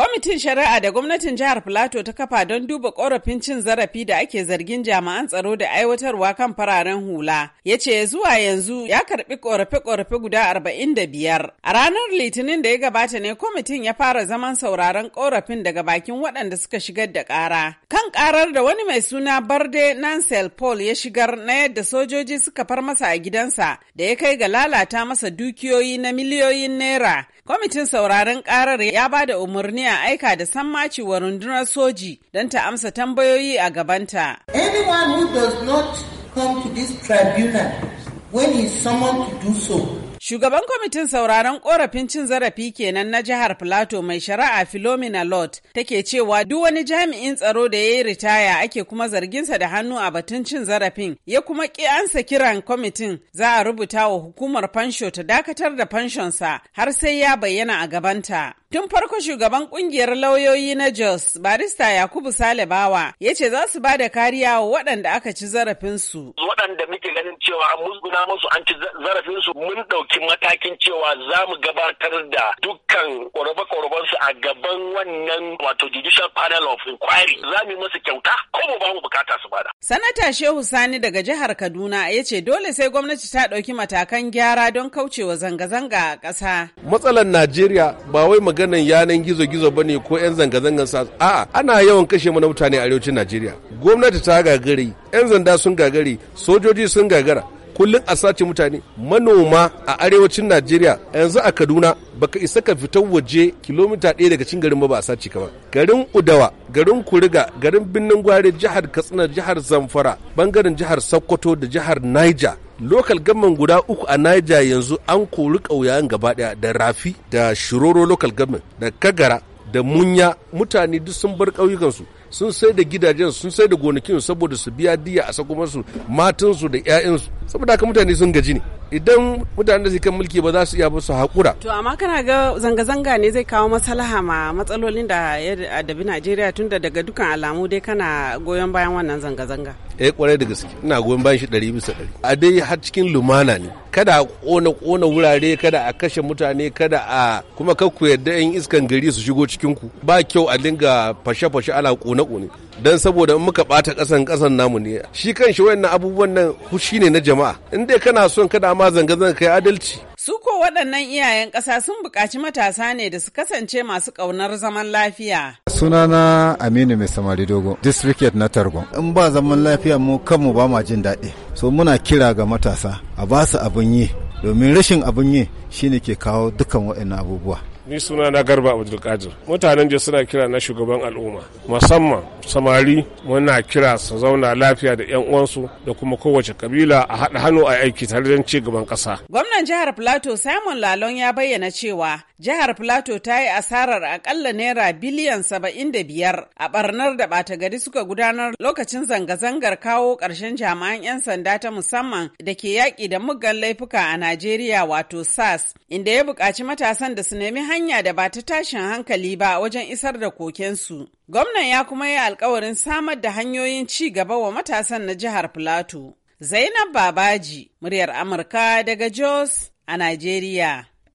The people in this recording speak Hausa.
Kwamitin Shari'a da gwamnatin jihar Filato ta kafa don duba korafin cin zarafi da ake zargin jami'an tsaro da aiwatarwa kan fararen hula, ya ce zuwa yanzu ya karbi korafe-korafe guda arba'in da biyar. A ranar Litinin da ya gabata ne kwamitin ya fara zaman sauraron korafin daga bakin waɗanda suka shigar da ƙara. Kan ƙarar da wani mai suna Barde Nansel Paul ya shigar na yadda sojoji suka far masa a gidansa da ya kai ga lalata masa dukiyoyi na miliyoyin naira. Kwamitin sauraron ƙarar ya ba da umarni yana aika da sammaci wa rundunar soji don ta amsa tambayoyi a gabanta. Shugaban kwamitin sauraron korafin cin zarafi kenan na jihar Filato mai shari'a Philomena Lot take cewa duk wani jami'in tsaro da ya yi ritaya ake kuma zarginsa da hannu a batun cin zarafin ya kuma ki ansa kiran kwamitin za a rubuta wa hukumar fansho ta dakatar da fanshonsa har sai ya bayyana a gabanta. Tun farko shugaban kungiyar lauyoyi na Jos, barista Yakubu Salibawa, ya ce za su ba da kariya wa waɗanda aka ci zarafinsu. Waɗanda muke ganin cewa an musguna musu an ci zarafinsu mun ɗauki matakin cewa za mu gabatar da dukkan ƙorafe-ƙorafensu a gaban wannan wato judicial panel of inquiry. Za mu yi musu kyauta ko mu ba mu bukata su bada. Sanata Shehu Sani daga jihar Kaduna ya ce dole sai gwamnati ta ɗauki matakan gyara don kaucewa zanga-zanga a ƙasa. Matsalar Najeriya ba wai maganan yanan gizo-gizo ba ne ko 'yan zanga-zangan sa a ana yawan kashe mana mutane a arewacin najeriya gwamnati ta gagari 'yan zanda sun gagari sojoji sun gagara kullum a sace mutane manoma a arewacin najeriya yanzu a kaduna baka isa ka fitar waje kilomita ɗaya daga cin garin ba a sace kama garin udawa garin kuriga garin birnin gwari jihar katsina jihar zamfara bangaren jihar sokoto da jihar niger lokal gamman guda uku a niger yanzu an kori ƙauyayen gaba ɗaya da rafi da shiroro lokal gamman da kagara da munya mutane duk sun bar ƙauyukansu sun sai da gidajen sun sai da gonakin saboda su biya diya a sakumarsu matansu da 'ya'yansu saboda haka mutane sun gaji ne idan mutanen da kan mulki ba za su iya ba su haƙura. to amma kana ga zanga-zanga ne zai kawo maslaha ma matsalolin da ya adabi najeriya tunda daga dukan alamu dai kana goyon bayan wannan zanga-zanga. eh kwarai da gaske ina goyon bayan shi ɗari bisa ɗari a dai har cikin lumana ne kada a ƙona ƙona wurare kada a kashe mutane kada a kuma kar ku yarda yan iskan gari su shigo cikin ku ba kyau a dinga fashe-fashe ana ƙone-ƙone don saboda in muka ɓata ƙasan ƙasan namu ne shi kan shi wayannan abubuwan nan shi ne na jama'a jama'a in dai kana son kada ma zanga-zanga kai adalci su ko waɗannan iyayen ƙasa sun buƙaci matasa ne da su kasance masu ƙaunar zaman lafiya. Sunana Aminu Mai Samari Dogo, District na Targon. In ba zaman lafiya mu kanmu ba ma jin daɗi. So muna kira ga matasa a ba su abin yi, domin rashin abin yi shine ke kawo dukkan waɗannan abubuwa. ni suna na garba abdulkadir mutanen je suna kira na shugaban al'umma musamman samari muna kira su zauna lafiya da yan uwansu da kuma kowace kabila a haɗa hannu a aiki tare don ci gaban ƙasa gwamnan jihar plateau simon lalon ya bayyana cewa jihar plateau ta yi asarar akalla naira biliyan saba'in da biyar a barnar da bata gari suka gudanar lokacin zanga-zangar kawo ƙarshen jami'an 'yan sanda ta musamman da ke yaƙi da mugan laifuka a najeriya wato sas inda ya buƙaci matasan da su nemi hanyar hanya da ba ta tashin hankali ba wajen isar da kokensu. Gwamnan ya kuma yi alkawarin samar da hanyoyin ci gaba wa matasan na jihar Filato. Zainab Babaji, muryar Amurka daga Jos a Najeriya.